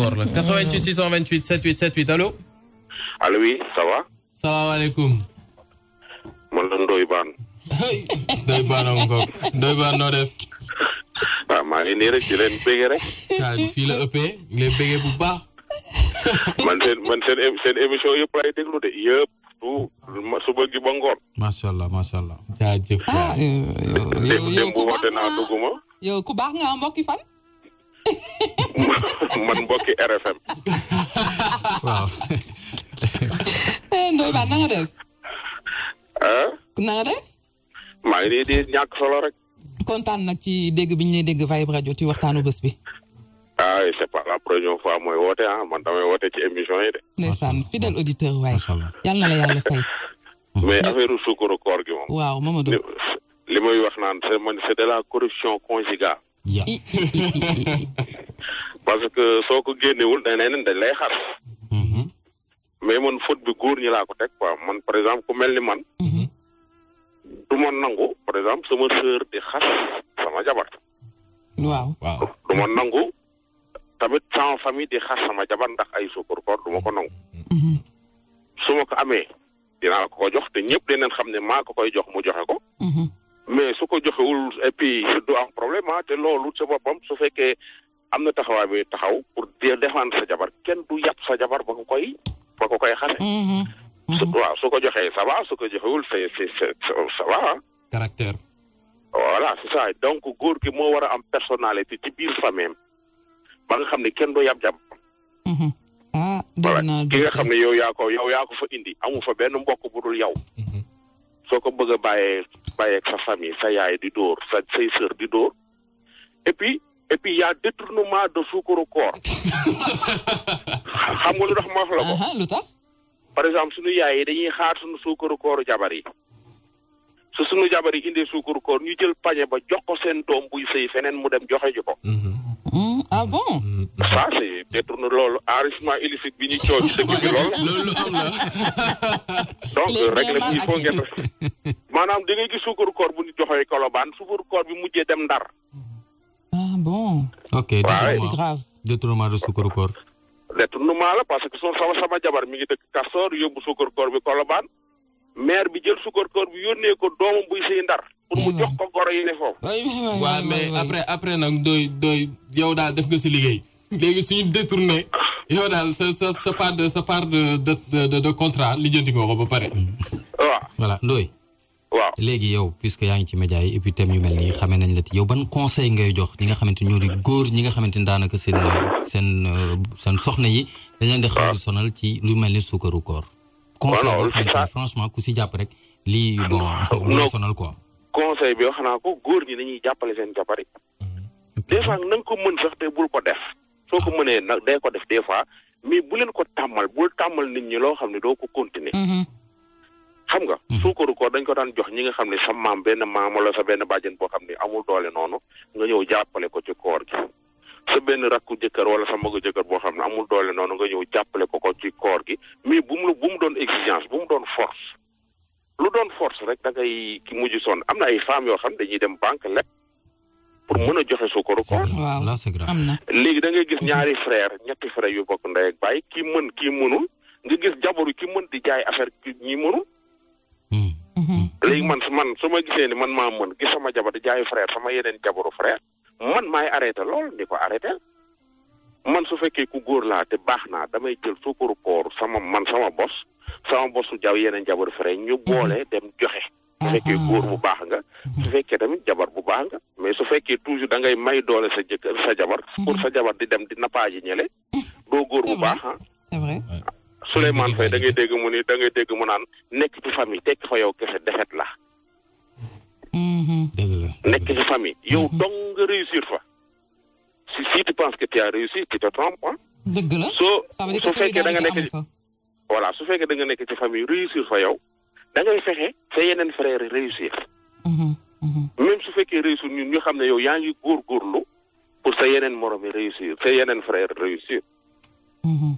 encore là. 88 628 7878, allô Allô, oui, ça va Salam alaikum. man la Ndoye Bane. Ndoye Bane am def. waaw ah, maa ngi nii rek di leen bëgge rek. ah fii la ëppee ngi leen bëgge bu baax. man man émission lay déglu suba gi ba allah allah. Ah, yow yow yow ku baax nga fan. man mbokki RFM. waaw. Eh, Ndoye Bane na nga def. ah. na nga di ñàkk solo rek. kontaan nag ci dégg bi ñu lay dégg Vibe Radio ci waxtaanu bés bi. ah c'est pas la première fois mooy woote ah man damay woote ci émission yi de. ndeysaan fidèle auditeur waaye. yal na la fay. mais affaire suukaru koor gi moom. waaw Mamadou. li may wax naan c'est de la corruption conjugale. いや。parce que soo ko génnewul dañ leen dañ lay xar. Mm-hmm. mais man faute bi góor ñi laa ko teg quoi man par exemple ku mel ni man. Mm-hmm. du ma nangu par exemple sama sœur di xas sama jabar. waaw waaw du ma nangu tamit sama famille di xas sama jabar ndax ay sukkur koor du ma ko nangu. Mm-hmm. su ma ko amee dinaa ko ko jox te ñëpp dinañ xam ne ko koy jox mu joxe ko. mais su ko joxewul et puis du am ah, te loolu sa boppam su fekkee am na taxawaay bi taxaw pour défendre sa jabar kenn du yàpp sa jabar ba ko koy ba ko koy xase. Mm-hmm. Mm-hmm. waaw su ko joxee ça su ko joxewul c'est c'est ah. c'est ça donc góor gi moo war a am personnalité ci biir famille ba nga xam ne kenn du yàpp jàpp. Mm-hmm. ah dégg naa nga xam ne yow yaa ko yow yaa ko fa indi amu fa benn mbokk bu dul yow. soo ko bëgg a bàyyee bàyyeeg sa famille sa yaay di dóor sa say sœur di dóor et puis et y' a détournement de suukaru koor xam nga lu tax ma wax ah, ah, par exemple suñu yaay yi dañuy xaar suñu suukaru kooru jabar yi. su sunu jabar yi indee suukar koor ñu jël pañe ba jox ko seen doom buy sëy feneen mu dem joxe ji ko mm-hmm. Mm-hmm. ah bon mm-hmm. ça c'est détourne loolu enrichissement illicite bi ñu coow ci dëkk bi loolu loolu am la donc règle bi il ngeen maanaam da ngay gis koor bu ñu koor bi dem ndar ah bon ok c'est grave détournement de suukar koor détournement la parce que sama sama jabar mi ngi dëkk kastoor yóbbu suukar koor bi maire bi jël sukkarkoor bi yónnee ko doomam buy sëy ndar pour mu jox ko goro yi ne foofu waaw mais après après nag doy doy yow daal def nga si liggéey léegi suñu détourné yow daal sa sa sa part de sa part de de contrat lijjanti nga ko ba pare waaw voilà léegi yow puisque yaa ngi ci média yi et puis thème yu mel nii xamee nañ la yow ban conseil ngay jox ñi nga xamante ñoo di góor ñi nga xamante ni daanaka seen seen euh, seen soxna yi dañ leen di sonal ci lu mel ni sukkaru koor conseil bi franchement ku si jàpp rek li ah, bon bu sonal quoi. conseil bi xanaa ko góor ñi dañuy jàppale seen jabari mm-hmm. des fois na ko mën sax te bul ko def soo ko mënee nag day ko def des fois mais bu leen ko tàmmal bul tàmmal nit ñi loo xam ne doo ko continuer. Mm-hmm. xam nga mm-hmm. suukaru koor dañ ko daan jox ñi nga xam ne sa maam benn maam wala sa benn bàjjen boo xam ne amul doole noonu nga ñëw jàppale ko ci koor gi sa benn rakku jëkkër wala sa magu jëkkër boo xam ne amul doole noonu nga ñëw jàppale ko ko ci koor gi mais bu mu bu mu doon exigence bu mu doon force lu doon force rek da ngay ki mujj sonn am na ay femmes yoo xam dañuy dem banque lekk pour mën a joxe suukaru koor waaw léegi da ngay gis ñaari frair ñetti frère yu bokk ndey ak baay kii mën kii mënul nga gis jabaru ki mën di jaay affaire ki ñi mënul hmm. mhm. léegi man man su ma gisee ni man maa mën gis sama jabar di jaay frère sama yeneen jabaru man mai arrêté lool di ko arrêté man su fekkee ku góor laa te baax damay jël sukkaru koor sama man sama bos sama bos jaw yeneen jabar fere ñu boole dem joxe su fekkee góor bu baax nga su fekkee tamit jabar bu baax nga mais su fekkee toujours da ngay may doole sa sa jabar pour sa jabar di dem di napaaji ñële doo góor bu baax ah Souleymane Faye da ngay dégg mu ni da ngay dégg mu naan nekk ci famille fa yow defet la mm-hmm. nekk ci famille. yow dong réussir fa. si si tu penses que tu as réussi tu te trompes ah. dëgg soo su fekkee da nekk ci su fekkee da nga nekk ci famille réussir fa yow da ngay fexe sa yeneen frère réussir. Mhm, mhm. même su fekkee réussir nu ñu xam ne yow yaa ngi góorgóorlu pour sa yeneen morom yi réussir sa yeneen frère réussir. Mhm.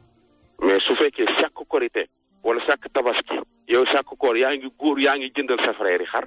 mais su fekkee chaque korité wala chaque tabaski yow chaque koor yaa ngi góor yaa ngi jëndal sa frère yi xar.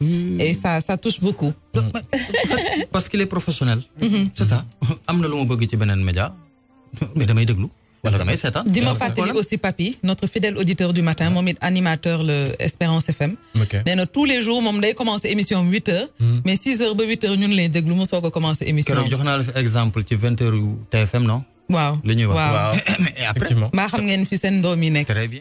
Hmm. Et ça, ça touche beaucoup. Hmm. Parce qu'il est professionnel. Mhm. C'est ça. Amna lu ma bëgg ci benen média mais damay déglu. Voilà, damay sétan. Dima Fateli aussi papi, notre fidèle auditeur du matin, mon animateur le Espérance FM. tous les jours mom day l'émission émission 8h mais 6h à 8h ñun les déglu mo sogo commencer émission. Kéro tu na la exemple ci 20h TFM non Waaw. Li ñuy wax. Mais après, ma xam ngeen fi sen Très bien.